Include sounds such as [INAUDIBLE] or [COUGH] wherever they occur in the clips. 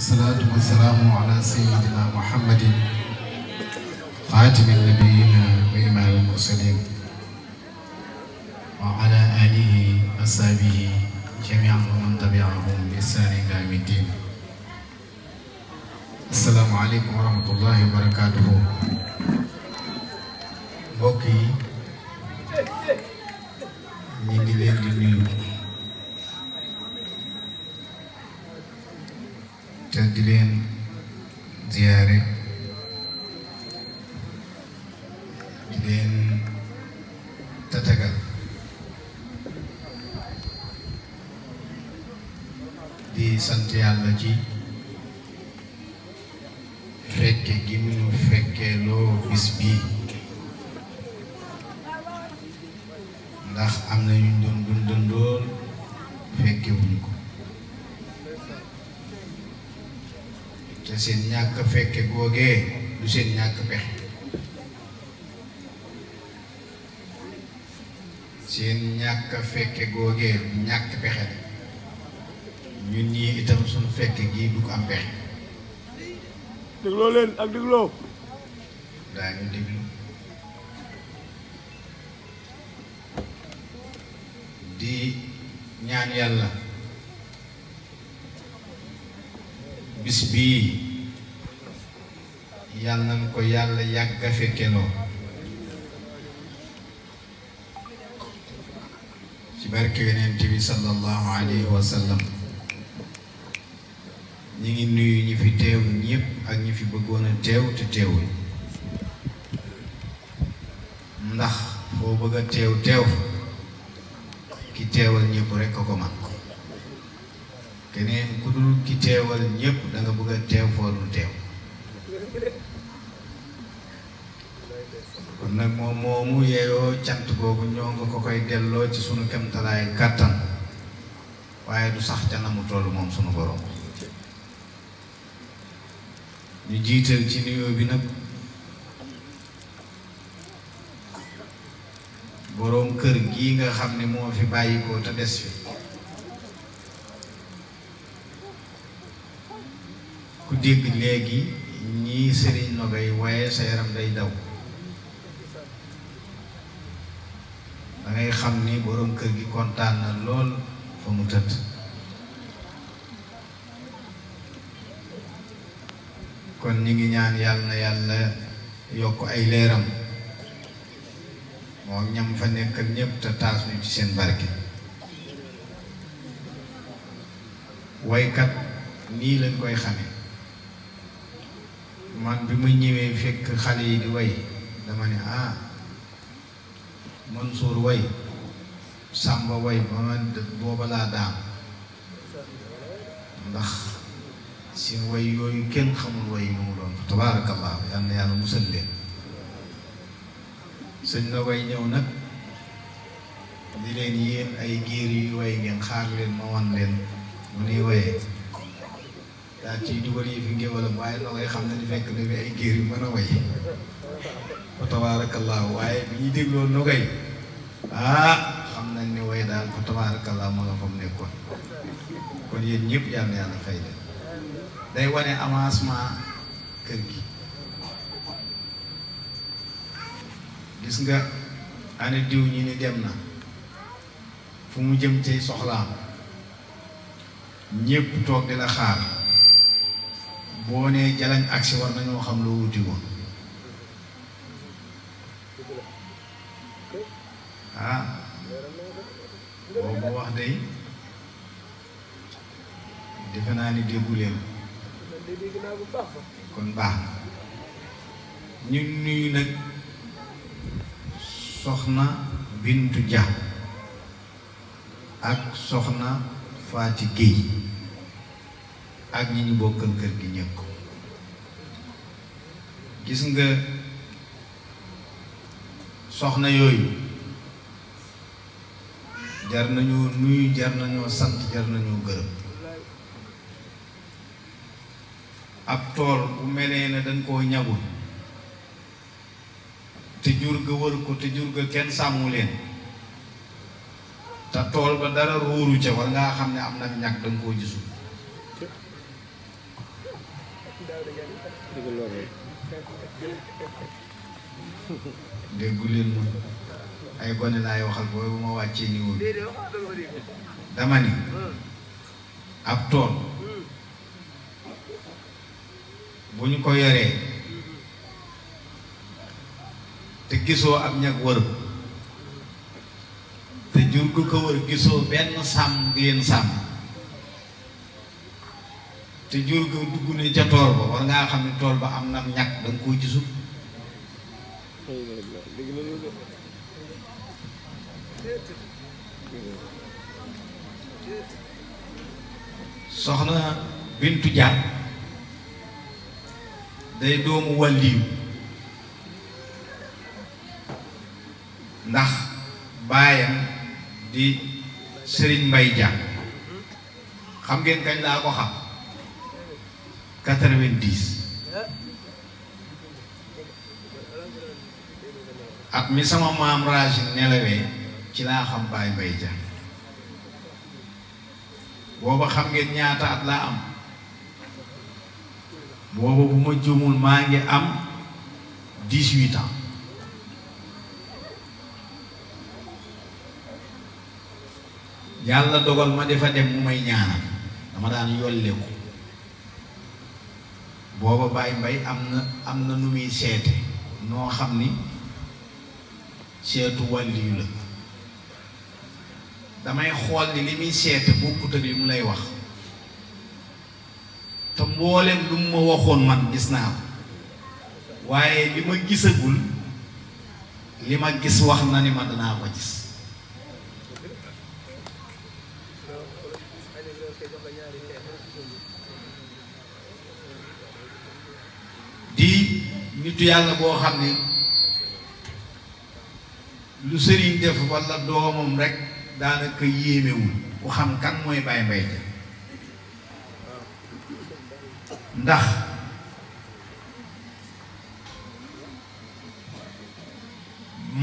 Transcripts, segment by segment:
والصلاة والسلام على سيدنا محمد خاتم النبيين وإمام المرسلين وعلى آله وأصحابه جميعا ومن تبعهم بإحسان إلى يوم الدين السلام عليكم ورحمة الله وبركاته mbokk lesinnya ke feke gua ge lesinnya ke peh sinnya ke feke gua ge nyak ke peh ñun ñi itam sun feke gi du ko am peh deglo len ak deglo da di nyanyi allah bis bii yàlla nañ ko yàlla yàgg a fekkeloo ci barke yonent bi sallallahu alayhi wa ñi ngi nuyu ñi fi teew ñépp ak ñi fi bëggoon a teew te teewul ndax foo bëgg a teew teew ki teewal ñëpp rekk ko man keneen ku dul ki teewal ñépp da nga bëgg a teew foorul teew kon nag moom moomu yeeyoo cant boobu ñoo nga ko koy delloo ci sunu kemtalaay kàttan waaye du sax ca na mu toll moom suñu borom ñu jiital ci nuyoo bi nag boroom kër gii nga xam ni moo fi bàyyikoo te des fi dégg léegi ñii sëriñ Nogay waaye sa yaram day daw dangay xam ni boroom kër gi kontaan na lool fa mu tëdd kon ñu ngi ñaan yàlla na yàlla yokk ay leeram moom ñam fa nekkal ñépp te taas ñu ci seen barke waykat nii lañ koy xame man bi mu ñëwee fekk xale yi di way dama ne ah Mansour way sàmba way ba ma booba laa daam ndax seen way yooyu kenn xamul way yi mu doon tabaarakallah yal na yàlla musal leen sëñ la way ñëw nag di leen yéen ay géer yu way ngeen xaar leen ma wan leen mu nuy wayee daal ciy dugal yi fi ngéwalam waaye loolay xam ne di fekk na fi ay géer yu mën a way fa tabaarakallaa waaye bi ñuy dégloo nogay ah xam nañ ne way daal fa tabaarakallaa ma nga fa mu nekkoon kon yéen ñëpp yal yàlla fay day wane avancement kër gi gis nga ane diw ñi ni dem na fu mu jëm ci soxlaam ñëpp toog di la xaar boo nee ak agsi war nañoo xam loo wuti woon ah boobu wax day defe naa ni déggu leen kon baax na ñu nuyu nag soxna Bintu Dia ak soxna Faati Guèye ak ñi ñu bokkal kër gi ñëpp gis nga soxna yooyu jar nañoo nuyu jar nañoo sant jar nañoo gërëm ab tool bu melee ne dañ koo ñagul te jur ga wër ko te jur ga kenn sàmmu leen te tool ba dara ruuru ca war ngaa xam ne am na ñàkk danga koo gisul déggu leen ma ay gone laay waxal booy bu wàccee niveau bi dama ni ab tool bu ñu ko yoree te gisoo ab ñag wër te jur gu ko wër gisoo benn sàmm gi leen sàmm te jur ga dugg ne ca tool ba war ngaa xam ne tool ba am na ñàkk da nga koo gisul soxna bintu jàpp day doomu wàlliyu ndax baayam di sëriñ mbay jàpp xam ngeen kañ laa ko xam quatre-vingt-dix at mi sama maam raagi nelawee ci laa xam baay bay ja boobu xam ngeen ñaataat laa am booba bu ma juumul maa ngi am dix-huit yàlla dogal ma defa dem mu may ñaanal dama daan yolleeku booba Baye Mbaye am na am na nu muy seete noo xam ni seetu wàlliyu la damay xool ni li muy seete bokkut ak li mu lay wax te mboolem lu mu ma waxoon man gis naa ko waaye li ma gisagul li ma gis wax na ni ma danaa ko gis nitu yàlla boo xam ni lu sëriñ def walla doomam rekk daanaka yéemewul ku xam kan mooy Baye Mbaye Dia ndax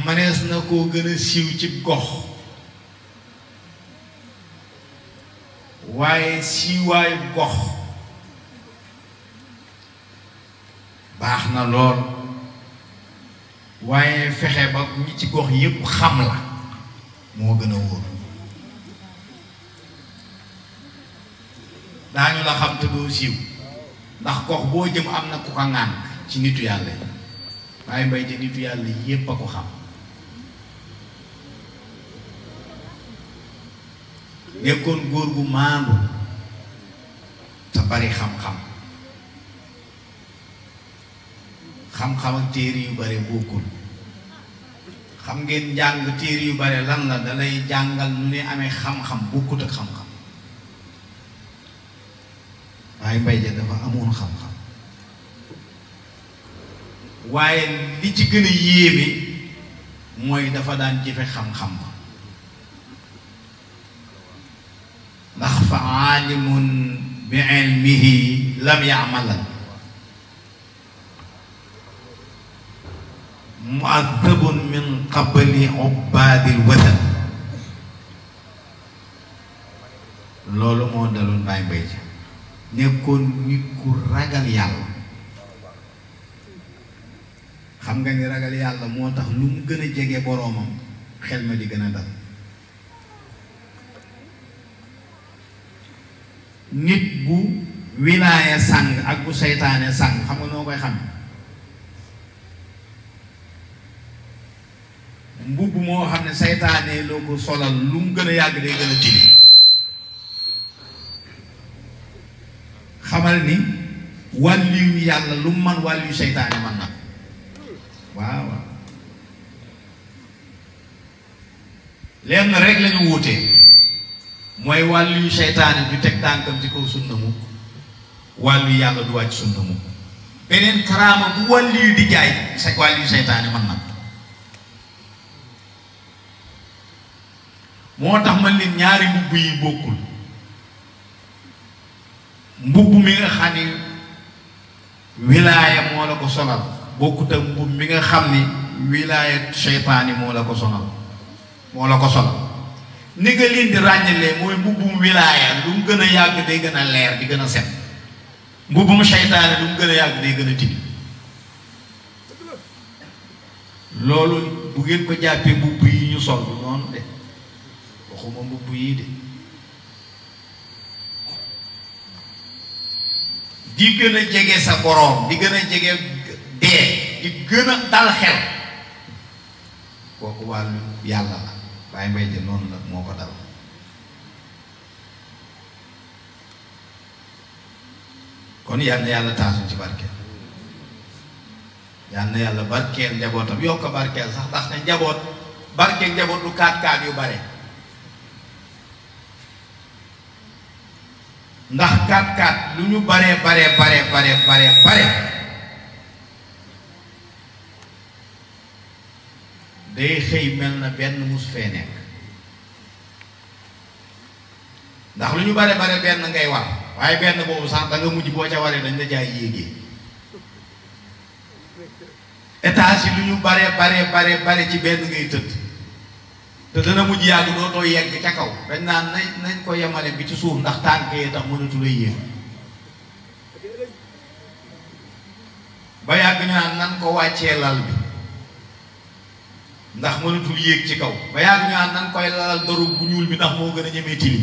mënees na koo gën a siiw ci gox waaye siiwaayu gox baax na lool waaye fexe ba ñi ci gox yépp xam la moo gën a wóor daañu la xam te siiw ndax gox boo jëm am na ku ko ŋànk ci nitu yàlla yi waaye mbay ja nitu yàlla yépp a ko xam nekkoon góor gu maandu te bari xam-xam xam-xam ak téere yu bare bokkul xam ngeen jàng téere yu bare lan la dalay jàngal mu ne amee xam-xam bokkut ak xam-xam waaye mbay ja dafa amoon xam-xam waaye li ci gën a yéeme mooy dafa daan jëfe xam-xam ba ndax fa aalimun bi ilmihi lam ya'malan muaddabun min qabli ubbaadil wathan loolu moo daloon Baye Mbaye Dia nekkoon nit ku ragal yàlla xam nga ni ragal yàlla moo tax lu mu gën a jege boroomam xel ma di gën a dal nit bu wilaaya sàng ak bu seytaane sàng xam nga noo koy xam mbubb moo xam ne saytaane loo ko solal lu mu gën a yàgg day gën a tilim xamal ni wàlliyu yàlla lu mu man wàlliyu saytaane man na waaw lenn rek la ñu wuutee mooy wàlliyu saytaane du teg tànkam ci kaw sunna mu wàlliyu yàlla du wàcc sunna mu beneen karaama bu wàlliyu di jaay sa wàlliyu saytaane man na moo tax man leen ñaari mbubb yi bokkul mbubb mi nga xam ni wilaaya moo la ko sonal bokkut ak mbubb mi nga xam ni wilaaya seytaani moo la ko sonal moo la ko sonal ni nga leen di ràññalee mooy mbubbum wilaaya lu mu gën a yàgg day gën a leer di gën a set mbubbum seytaani lu mu gën a yàgg day gën a tibb loolu bu ko jàppee mbubb yi ñu sol noonu de waxuma mbubb yii de di gën a jege sa boroom di gën a jege dee di gën a dal kooku wàllu yàlla la bàyyi mbay de noonu la moo ko dal kon yal na yàlla taasu ci barkeel yal na yàlla barkeel njabootam yokk barkeel sax ndax ne njaboot barkeel njaboot du kaat kaat yu bare ndax kat kat lu ñu bare bare bare bare bare bare day xëy mel na benn mus fee nekk ndax lu ñu bare bare benn ngay war waaye benn boobu sax danga nga mujj boo ca waree dañ la jaay yéegee étage yi lu ñu bare bare bare bare ci benn ngay tëdd te dana mujj yàgg dootoo yegg ca kaw dañ naan nañ nañ ko yemale bi ci suuf ndax tànk yi tax mënatu la yéeg ba yàgg ñu naan nan ko wàccee lal bi ndax mënatul yéeg ci kaw ba yàgg ñu naan nan koy lalal dorog bu ñuul bi ndax moo gën a ñemee tili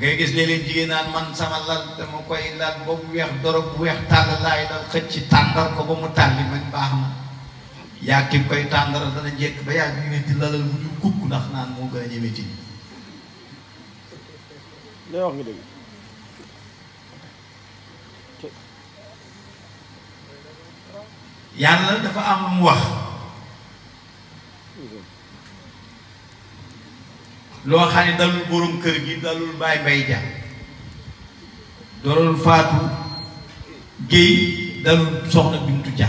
da ngay gis man sama lal dama koy lal ba mu doro bu weex tàll dal xëcc tàndar ko ba mu tàlli man baax na yaa ki koy tàndara dana jekk ba yaa ñu ne di lalal mu ñu kukk ndax naan moo gën a lal ci wax nga dafa am mu wax iya. loo xam ne dalul borom kër gi dalul baay mbay ja dalul faatu géy dalul soxna bintu ja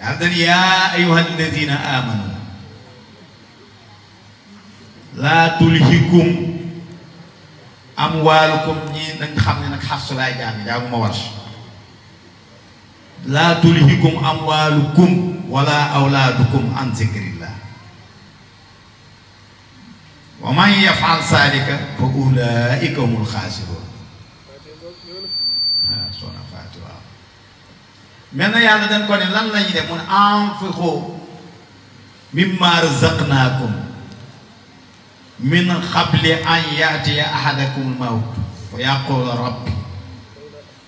yaa dan yaa ayuha alladina amanu laa tulhikum amwaalukum ñi nañ xam ne nag xafsu laay jàng jaagu ma war laa tulhikum amwaalukum wala awlaadukum an zikri ومن يفعل ذلك فأولئك هم الخاسرون سونا فاتوا من يالا دان كوني لان لا ني من انفقوا مما رزقناكم من قبل ان ياتي احدكم الموت ويقول ربي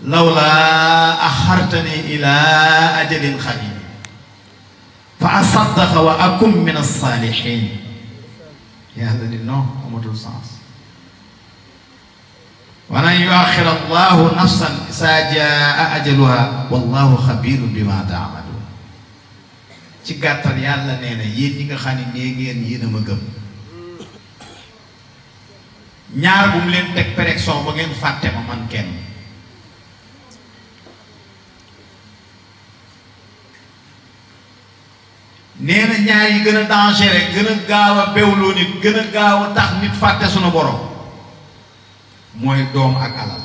لولا اخرتني الى اجل قريب فاصدق واكن من الصالحين yàlla ni non amatul sens walan yuaxir allahu nafsan isaa jaa ajaluha wallahu xabiru bima taamaluun ci gàttal yàlla nee na yéen ñi nga xam ne nee ngeen yéen a ma gëm ñaar bu mu leen teg pression ba ngeen fàtte ma man kenn nee na ñaar yi gën a dangereux gën a gaaw a bewloo nit gën a gaaw a tax nit fàtte sunu borom mooy doom ak alal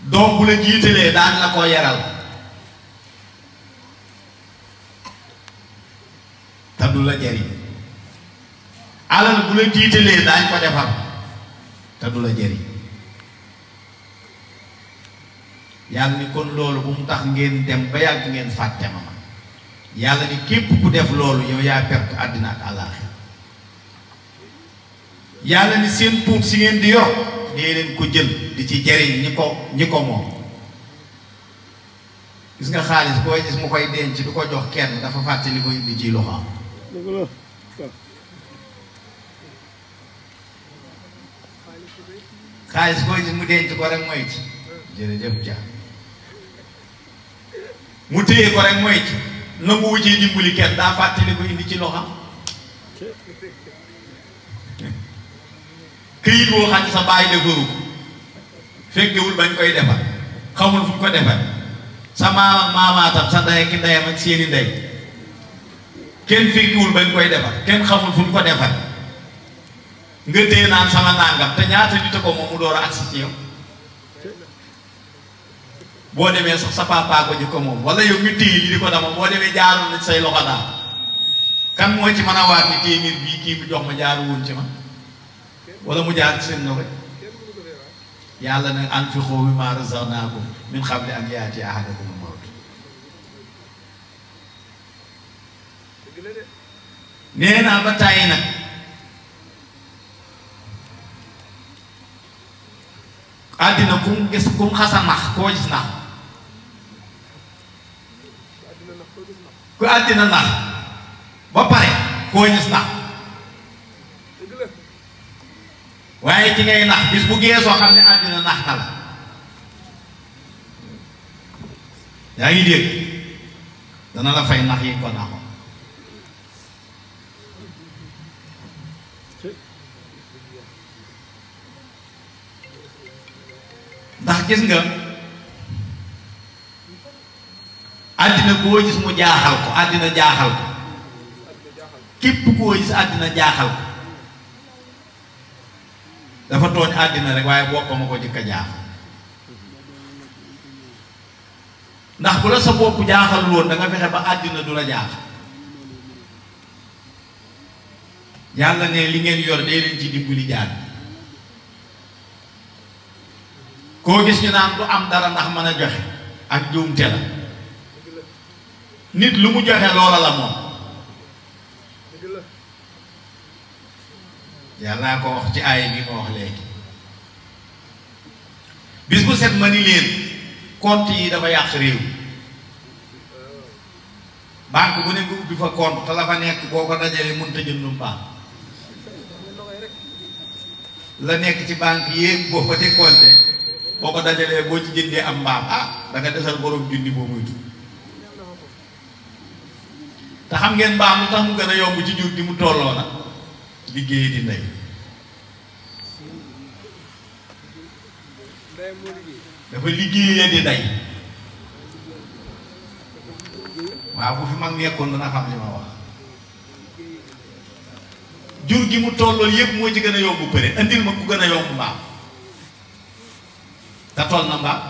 doom bu la jiitalee daan la ko yaral te du la jariñ alal bu la jiitalee daañ ko defar te du la jariñ yàlla ni kon loolu bu mu tax ngeen dem ba yàgg ngeen fàtte ma ma yàlla ni képp ku def loolu yow yaa perte àddina ak àllaaxira yàlla ni seen tuub si ngeen di yor dee leen ko jël di ci jariñ ñi ko ñi ko moom gis nga xaalis boo gis mu koy denc du ko jox kenn dafa fàtte li ko indi ci loxoom xaalis boo gis mu denc ko rek mooy ci jërëjëf Dia. mu téye ko rek mooy ci nangu wu ci dimbali kenn daa fàttali ko indi ci loxam këyit woo xam sa bàyyi defaru fekkewul bañ koy defar xamul fu ñu ko defar sa maam ak maamaatam sa ndey ak ndeyam ak seeni ndey kenn fekkiwul bañ koy defar kenn xamul fu ñu ko defar nga téye naan sama nangam te ñaata nit ko moom mu door a agsi ci yow boo demee sax sa papa ko ji ko moom wala yow mi téye li di ko dama boo demee jaarul na say loxo daal kan mooy ci mën a waat ni téeméer bii kii bu jox ma jaaru woon ci ma wala mu jaar seen na ko yàlla nag anfiqu mimmaa razaqnaakum min qabli an ya'tiya ahadakumul mawt nee nag àddina kum gis kum xasa nax koo gis nax ku àddina nax ba pare koo gis nax waaye ci ngay nax bis bu geesoo xam ne àddina nax na la yaa ngi dégg dana la fay nax yi ko naxoon ndax gis nga adina ko gis mu jaaxal ko adina jaaxal ko kep ko gis adina jaaxal ko dafa togn adina rek waye boppam a ko jëkk a ndax bu la sa bopp jaaxal won da nga fexé ba adina du la jaaxal yàlla ne li ngeen yor dee len ci dimbali jaar ko gis ñu naan du am dara ndax mëna joxe ak joom la nit lu mu joxe loola la moom yàllaa ko wax ci aay bi ma wax léegi bis bu set ma ni leen compte yi dafa yàq réew banque bu ne nga ubbi fa compte te la fa nekk boo ko dajalee mënut a jëndum baax la nekk ci banque yéeg boo ko te compte boo ko dajalee boo ci jëndee am mbaam ah danga nga desal borom junni boo muy tudd te xam ngeen mbaam lu tax mu gën a yomb ci jur gi mu tolloo na liggéey di ndey dafa liggéeyee di ndey waaw bu fi mag nekkoon dana xam li ma wax jur gi mu tolloo yépp moo ci gën a yomb bëre indil ma ku gën a yomb mbaam te toll na mbaam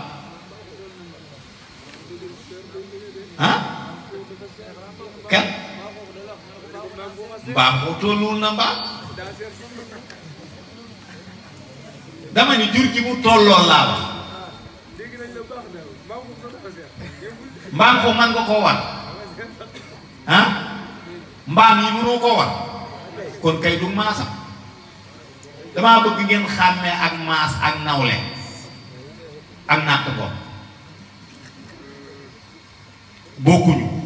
ah kat mbaa ko tolluwul na mbaa dama ni jur gi mu tolloo laa wax mbaam ko man nga koo war ah mbaam yi mënoo koo war kon kay du maasam damaa bëgg ngeen xàmmee ak maas ak nawle ak nàkk bopp bokkuñu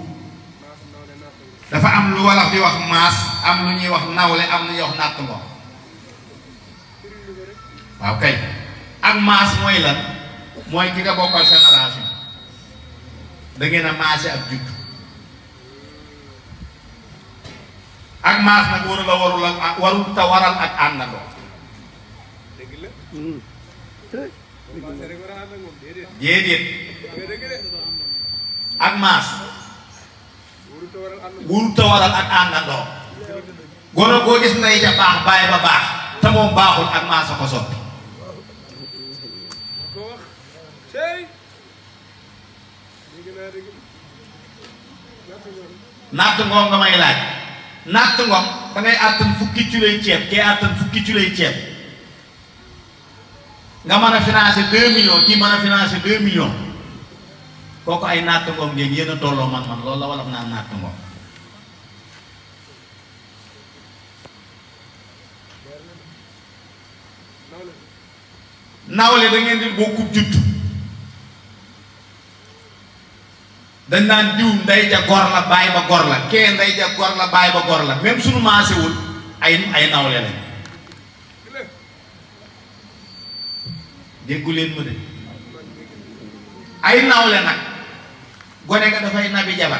dafa am lu wala di wax mas am lu ñuy wax nawle am lu wax natt ngo waaw kay ak mas moy lan moy ki nga bokkal génération da ngay na maase ak judd ak mas nak waru la warul ak warul te waral ak àndandoo hmm. déedéet ak mas wurut a waral ak àndandoo gone koo gis ngay ca baax bàyyi ba baax te moom baaxul ak maasa ko soppi natt ngoom nga may laaj natt ngoom da ngay àttan fukki culey ceeb ceeb nga mën a financé deux millions kii mën a financé deux millions kooku ay natt ngoom ngeen yéen a tolloo man man loolu la wolof naa natt ngoom nawle da ngeen di bokkub dañ naan diw nday ja gor la baay ba gor la kee nday ja gor la baay ba gor la même suñu maasewul ay ay nawle lañ déggu ma de ay nawle nag gone nga dafay nabi jabar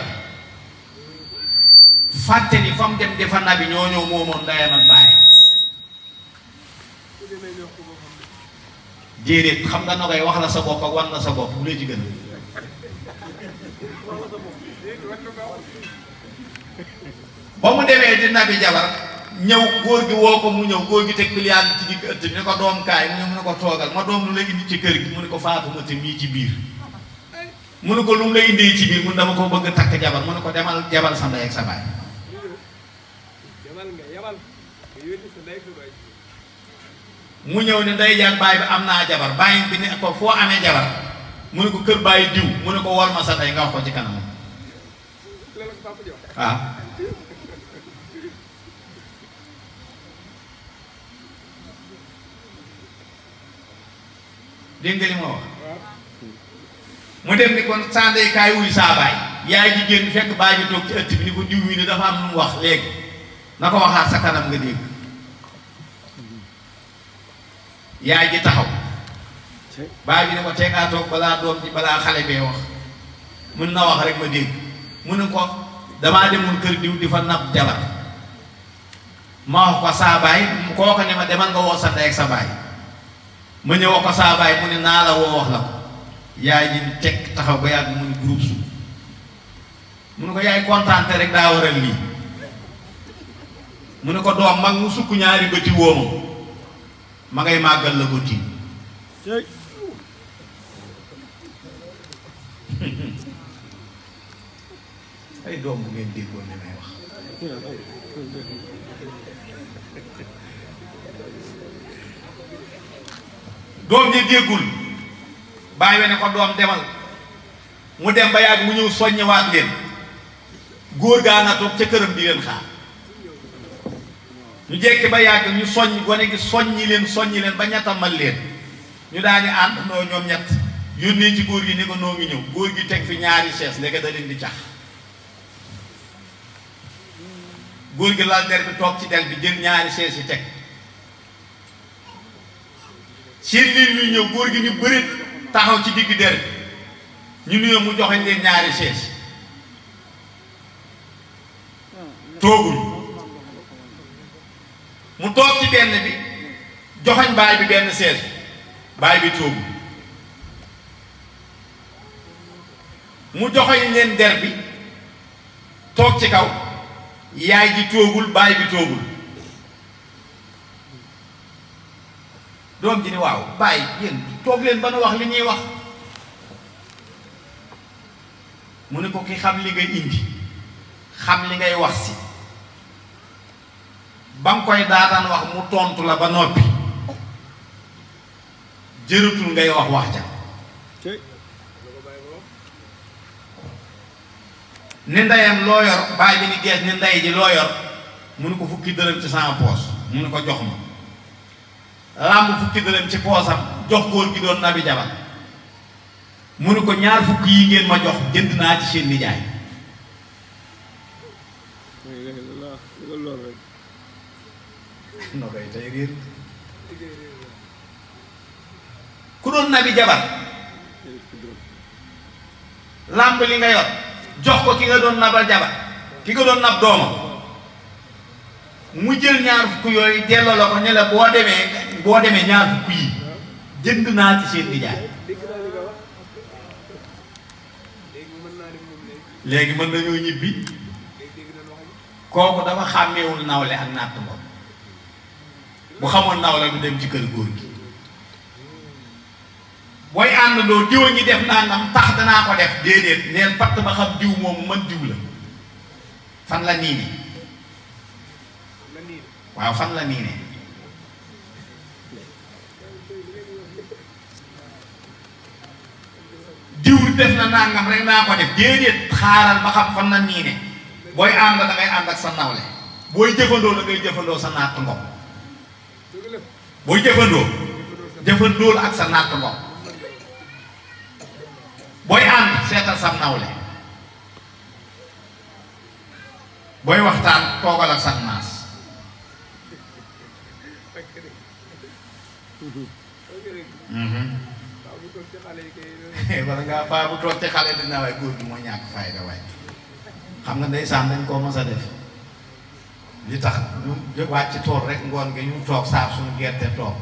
fàtte ni fa mu dem defa nabi ñoo ñëw moomoon ndeyam ak jéeréet xam nga nogay wax la sa bopp ak wan la sa bopp bu la ci gën ba mu demee di nabi jabar ñëw góor gi woo ko mu ñëw góor gi teg piliyaan ci digg ëtt bi ne ko doom kaay mu ne ko toogal ma doom lu la indi ci kër gi mu ne ko faatu ma te mii ci biir munu ko lum lay indi ci bi mun dama ko bëgg tak jabar munu ko demal jabal sa nday ak sa bay mu ñew ni nday jaak bay bi amna jabar bay bi ne ko fo amé jabar munu ko kër bay diw munu ko war ma sa ndey nga wax ko ci kanam ah denggali mo wax mu dem ni kon saa kaay wuy saa baay yaay ji génn fekk baay ji toog ci ëtt bi ni ko diw yi ne dafa am lu mu wax léegi na ko waxaat sa kanam nga dégg yaay ji taxaw baay ji ne ko teegaa toog balaa doom ji balaa xale bee wax mun na wax rek ma dégg mu ne ko damaa demoon kër diw di fa nab jabar ma wax ko saa baay kooka ne ma demal nga woo sa ndey ak sa baay ma ñëw ko saa baay mu ne naa la woo wax la yaay ji teg taxaw ba yàgg mu ne groupe su mu ne ko yaay kontaante rek daa waral nii mu ne ko doom mag mu sukk ñaari bëti wóomu ma ngay màggal la ko tiim [LAUGHS] ay doom bu ngeen déggoon ne may wax [LAUGHS] doom ñi déggul bàyyi we ne ko doom demal mu dem ba yàgg mu ñëw soññewaat leen góor gaa nga toog ca këram di leen xaar ñu jekki ba yàgg ñu soññ gone gi soññi leen soññi leen ba ñettamal leen ñu daal di ànd noo ñoom ñett yónnee ci góor gi ni ko noo ngi ñëw góor gi teg fi ñaari sees ndeke da leen di cax góor gi lal der bi toog ci del bi jël ñaari chaise yi teg seen liin ñuy ñëw góor gi ñu bërit taxaw ci digg der bi ñu nuyoo mu joxe leen ñaari chaise tooguñu mu toog ci benn bi joxañ baay bi benn chaise baay bi toogu mu joxoñ leen der bi toog ci kaw yaay ji toogul baay bi toogul doom ji ni waaw bàyyi yéen toog leen ba nu wax li ñuy wax mu ne ko ki xam li ngay indi xam li ngay wax si ba nga koy daataan wax mu tontu la ba noppi jëratul ngay wax wax ja ni ndeyam loo yor bi ni gees ni ndey ji loo yor mu ne ko fukki dërëm ci sama poos mu ne ko jox ma làmb fukki dërëm ci poosam jox góor gi doon nabi jabar mu ko ñaar yi ngeen ma jox jënd naa ci seen nijaay no koy làmp li nga yor jox ko ki nga doon nabal jabar ki nga doon nab doomam mu jël ñaar fukk yooyu delloo la ko ne boo demee boo demee ñaar fukk yi jënd naa ci seen nijaay léegi mën nañoo ñibbi kooku dafa xàmmeewul nawle ak natt moom bu xamoon nawle du dem ci kër góor gi booy ànd doo diw a ngi def nangam tax danaa ko def déedéet neen patt ba xam diw moom man diw la fan la nii waaw fan la nii def na nangam rek na nii booy ànd da ngay ànd ak sa nawle booy jëfandoo da ngay jëfandoo sa natt ngoog booy jëfandoo jëfandool seetal sa nawle booy waxtaan toogal ak sa naas mm-hmm. Mm-hmm. Eh, wala ngaa paa bu toog ci xale dinaa waay góor bi moo ñàkk fayda waay xam nga ndeysaan dañ koo mas a def li tax ñu wàcc tool rek ngoon gi ñu toog saaf suñu gerte toog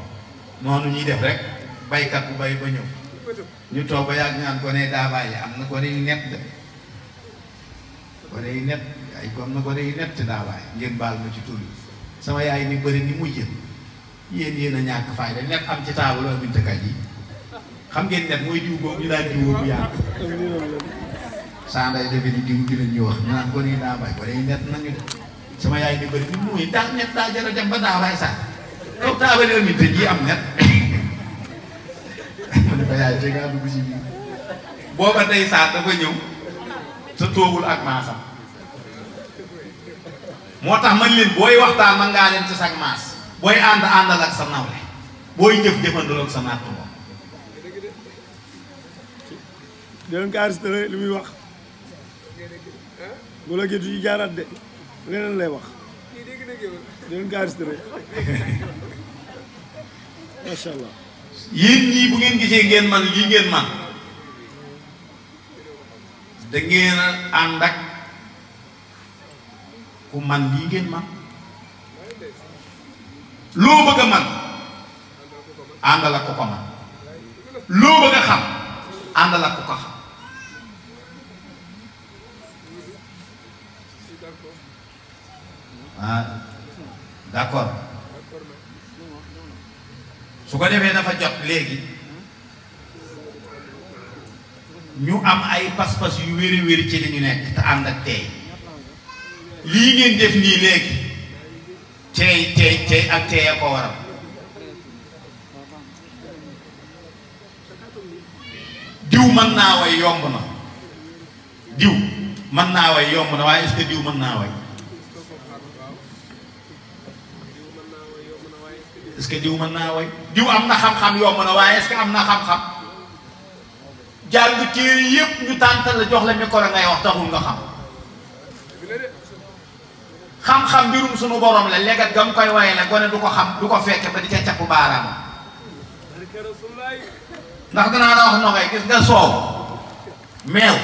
noonu ñuy def rek baykat bu bay ba ñëw ñu toog ba yàgg ñaan gone daa bàyyi am na gone yu net de gone yu net ay am na gone yu net daa bàyyi ngeen baal ma ci tur yi sama yaay ni bëri ni mujj yéen yéen a ñàkk fayda net am ci taabalu amintakaay yi xam ngeen ne mooy diw boobu ñu daan diwoo bu yàgg. saa nday defe ni diw dinañ ñu wax naan gone yi daa bay gone yi net nañu de sama yaay di bëri ni mu muy daal net daa jar a dem ba daa bay sax kaw daa bëri am net. ma ne ko si biir booba day saa dafa ñëw sa toogul ak maasam moo tax ma leen booy waxtaan ma ngaa leen ci sag maas booy ànd àndal ak sa nawle booy jëf jëfandal ak sa natt di leen lu muy wax bu la gétu yi jaaraat de leneen lay wax di leen ko allah yéen ñii bu ngeen gisee ngeen man lii ngeen man da ngeen a ànd ak ku man lii ngeen man loo bëgg a man àndal ak ku ko man loo bëgg a xam àndal ak ku ko ah d' accord su ko defee dafa jot léegi ñu am ay pas-pas yu wéri wéri ci li ñu nekk te ànd ak lii ngeen def nii léegi tey tey tey ak tey a ko waral diw mën naa way yomb na diw mën naa way yomb na waaye est-ce diw mën naa way est que diw mën naa way diw am na xam-xam yomb na waaye est am na xam-xam jàng téere yépp ñu tàntal la jox la micro ngay wax taxul nga xam xam-xam mbirum sunu borom la légat ga koy waye gone du ko xam du ko fekke ba di ca capp baaraam ndax danaa la wax noxee gis nga soow meew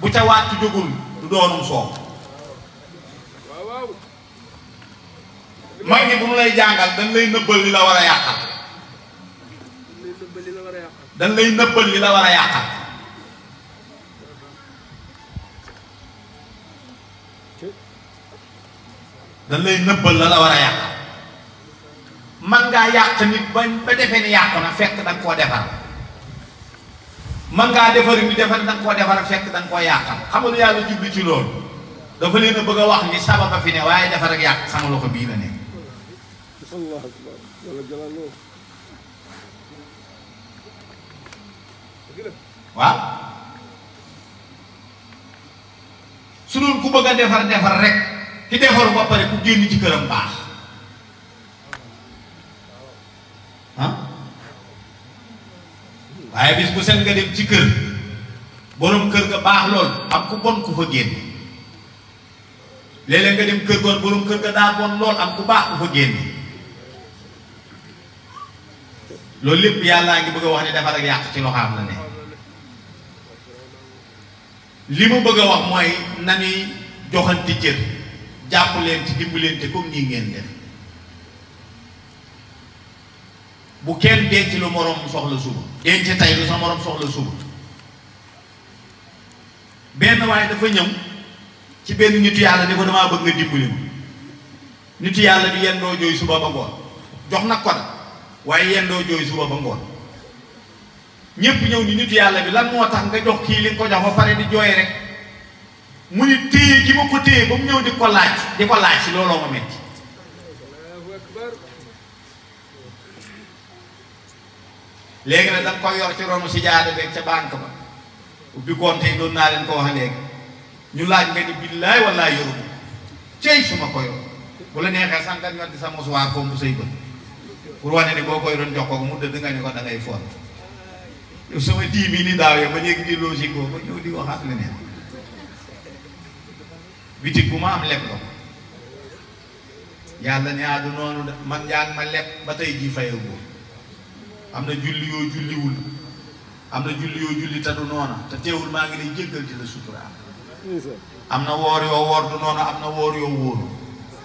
bu ca wàcc jógul du doonum soow mag ñi bu mu lay jàngal dañ lay nëbbal li la war a yàqal dañ lay nëbbal li la war a yàqal dañ lay nëbbal la la war a yàqal mag ngaa yàq nit ba ba defe ni yàqu na fekk da nga koo defar man ngaa defar ni defar da nga koo defar fekk da koo yàqal xam nga yàlla jubli ci loolu dafa leen a bëgg a wax ni sababa fi ne waaye defar ak yàq sama ko bii la ne allah akbar loolu. ku bëgg a defar defar rek ki defaru ba pare ku génn ci këram baax ah waaye bis bu seen nga dem ci kër borom kër ga baax lool am ku bon ku fa génn léeg nga dem kër goon borom kër ga daa bon lool am ku baax ku fa génn lo lepp yalla ngi bëgg wax ni dafa rek yaq ci lo xam na ne limu bëgg wax moy nani joxanti cër jàpp leen ci dimbu leen te comme nii ngeen def bu kenn denc lu morom soxla suba denc tay lu sa morom soxla suba benn waaye dafa ñëw ci benn nitu yàlla ni ko dama bëgg nga dimbali ma nitu yàlla bi yendoo jooy suba ba ngoon jox na ko waaye yendoo jooy suba ba ngoon ñëpp ñëw ni nitu yàlla bi lan moo tax nga jox kii li nga ko jox ba pare di jooy rek mu ni téye gi ma ko téye ba mu ñëw di ko laaj di ko laaj si looloo ma nag da nga yor ci ronu si jaada beeg ca banque ba ubbi compte yi doon naa leen ko wax léegi ñu laaj nga ni billaay walaay yoru cey suma koy bu la neexee sànqal ñor di sa mosuwaar foofu mu sëy bët pour wane ni boo koy doon jox ko mu dëdd nga ñu ko da ngay font yow sama dii mii ni daawee ba léegi di logique ba ñëw di waxaat leneen bitig bu ma am leb ko yàlla ne ah du noonu de man ma leb ba tey jii fayagoo am na julli yoo julliwul am na julli yoo julli te du noona te teewul maa ngi lay jéggal di la suturaal am na woor yoo woor du noona am na woor yoo wóoru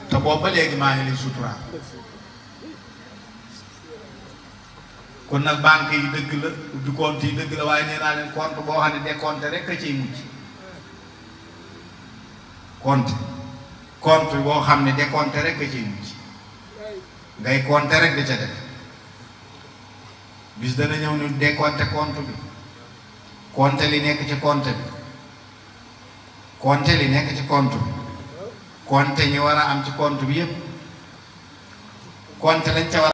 te boobu léegi maa ngi lay suturaal kon nag banque yi dëgg la ubbi compte yi dëgg la waaye nee naa leen compte boo xam ne décompte rek a ciy mujj compte compte boo xam ne décompte rek a ciy mujj ngay compte rek da ca def bis dana ñëw ñu décompte compte bi compte li ci compte bi compte li nekk ci compte bi compte ñi war a am ci compte bi yépp compte lañ ca war